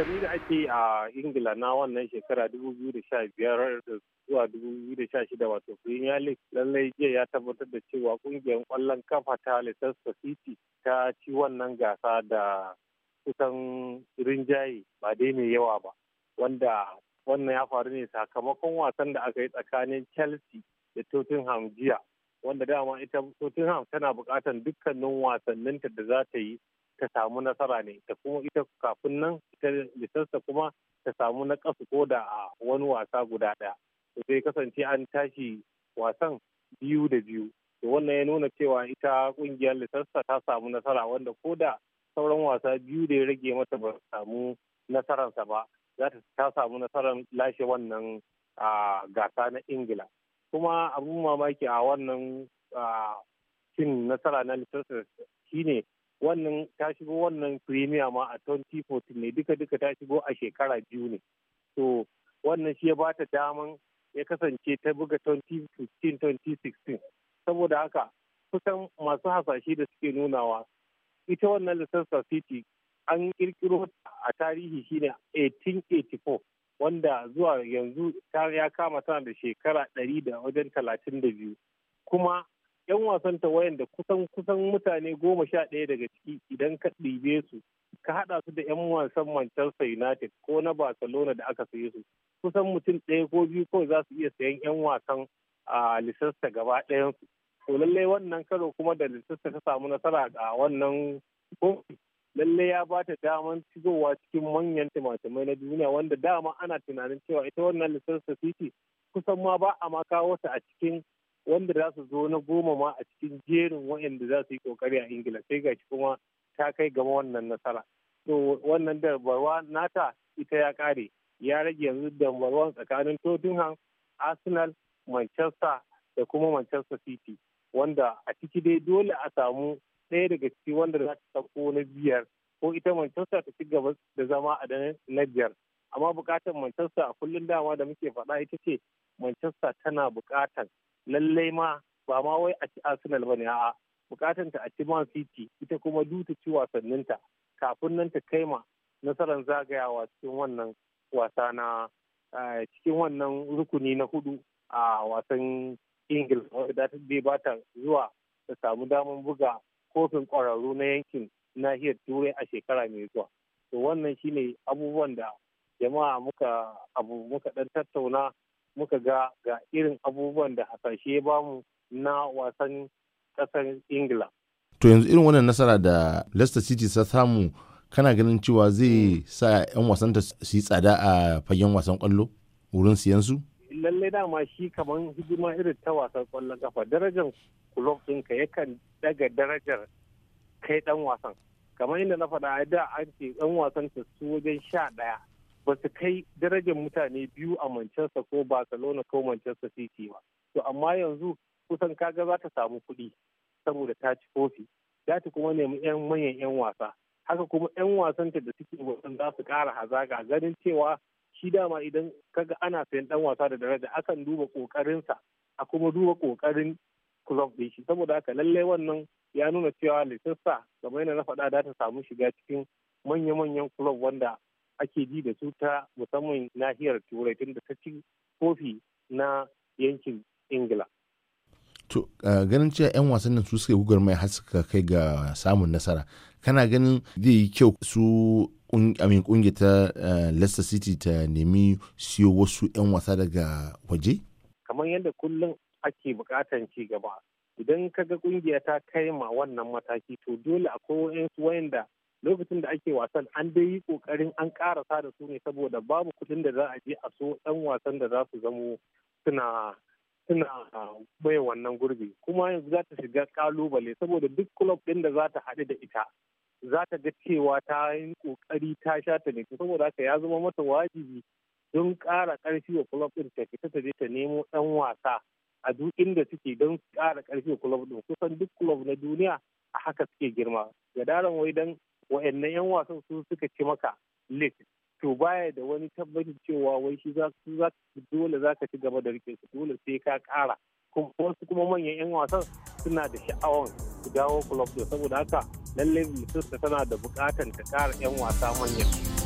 wasanni da ake a ingila na wannan shekara 2015 zuwa 2016 wato premier league lallai jiya ya tabbatar da cewa kungiyar kwallon kafa ta leicester city ta ci wannan gasa da kusan rinjaye ba dai mai yawa ba wanda wannan ya faru ne sakamakon wasan da aka yi tsakanin chelsea da tottenham jiya wanda dama ita tottenham tana bukatan dukkanin wasanninta da za ta yi ta samu nasara ne ta kuma ita kafin nan ita kuma ta samu na ƙasa ko da a wani wasa guda ɗaya zai kasance an tashi wasan biyu da biyu da wannan ya nuna cewa ita ƙungiyar litarsa ta samu nasara wanda ko da sauran wasa biyu da ya rage mata ba samu nasararsa ba za ta samu nasarar lashe wannan gasa na ingila kuma abin mamaki a wannan cin nasara na litarsa shine wannan ta shigo wannan premier ma a 2014 ne duka duka ta shigo a shekara biyu ne to wannan shi ya ba ta daman ya kasance ta buga 2015-2016 saboda haka kusan masu hasashe da suke nunawa ita wannan Leicester City an kirkiro a tarihi shine 1884 wanda zuwa yanzu ya kama tana da shekara 100 da wajen 32 kuma 'yan wasan wasanta wayanda kusan kusan mutane goma sha ɗaya daga ciki idan ka ɗibe su ka haɗa su da 'yan wasan Manchester United ko na Barcelona da aka saye su kusan mutum ɗaya ko biyu kawai za su iya sayan 'yan wasan a lisasta gaba ɗayansu. To lallai wannan karo kuma da lisasta ta samu nasara a wannan lallai ya ba ta daman shigowa cikin manyan timatimai na duniya wanda dama ana tunanin cewa ita wannan lisasta City kusan ma ba a ma kawo ta a cikin wanda za su zo na goma ma a cikin jerin wa'anda za su yi kokari a ingila sai gashi kuma ta kai gama wannan nasara to wannan darbarwa nata ita ya kare ya rage yanzu dambarwan tsakanin tottenham arsenal manchester da kuma manchester city wanda a ciki dai dole a samu ɗaya daga ciki wanda za ta sauko na biyar ko ita manchester ta ci gaba da zama a na biyar amma bukatar manchester a kullum dama da muke faɗa ita ce manchester tana bukatar lallai ma ba ma wai a ci Arsenal ba ne a'a bukatan ta a ci Man City ita kuma duta ci wasannin ta kafin nan ta kai ma nasarar zagayawa cikin wannan wasa na eh, cikin wannan rukuni na hudu a wasan Ingil da ta ba bata zuwa ta samu damar buga kofin ƙwararru na yankin nahiyar turai a shekara mai zuwa to wannan shine abubuwan da jama'a muka abu muka dan tattauna muka ga ga irin abubuwan da hasashe ya bamu na wasan ƙasar ingila to yanzu irin wannan nasara da leicester city ta samu kana ganin cewa zai sa 'yan wasanta ta su yi tsada a fagen wasan kwallo wurin siyan su lallai dama shi kamar hidima irin ta wasan kwallon kafa darajar kulob ɗinka yakan daga darajar kai dan wasan kamar inda na faɗa da an ce dan wasan ta su wajen sha ɗaya ba su kai darajar mutane biyu a Manchester ko Barcelona ko Manchester City ba. To amma yanzu kusan kaga za ta samu kuɗi saboda ta ci kofi. Za ta kuma nemi 'yan manyan 'yan wasa. Haka kuma 'yan ta da suke wasan za su ƙara hazaƙa ganin cewa shi dama idan kaga ana sayan ɗan wasa da daraja akan duba ƙoƙarinsa a kuma duba ƙoƙarin club ɗin shi saboda haka lallai wannan ya nuna cewa Leicester kamar da na faɗa da ta samu shiga cikin manya-manyan club wanda ake ji da su ta musamman nahiyar turai tun da ta ci kofi na yankin ingila to ganin cewa 'yan wasan nan su suka gugar mai har kai ga samun nasara kana ganin zai yi kyau su amin kungiya ta leicester city ta nemi siyo wasu 'yan wasa daga waje kamar yadda kullum ake bukatan ci gaba idan kaga kungiya ta kai ma wannan mataki to dole akwai wayansu wayanda lokacin da ake wasan an dai yi kokarin an karasa da su ne saboda babu kuɗin da za a je a so dan wasan da za su zamo suna suna ah, bai wannan gurbi kuma yanzu za ta shiga kalubale saboda duk kulob din da za ta haɗu da ita za ta ga cewa ta yi kokari ta sha ta ne saboda haka ya zama mata wajibi don kara karfi wa kulob din ta fita ta je ta nemo dan wasa a duk inda suke don kara karfi wa kulob din kusan duk kulob na duniya a haka suke girma ga daren wai dan. wa'annan 'yan wasan su suka ci maka league to baya da wani tabbacin cewa wai shi za su za dole za ka ci gaba da rike su dole sai ka kara kuma wasu kuma manyan 'yan wasan suna da sha'awan su dawo club saboda haka lallai mutum tana da bukatan ta kara 'yan wasa manyan.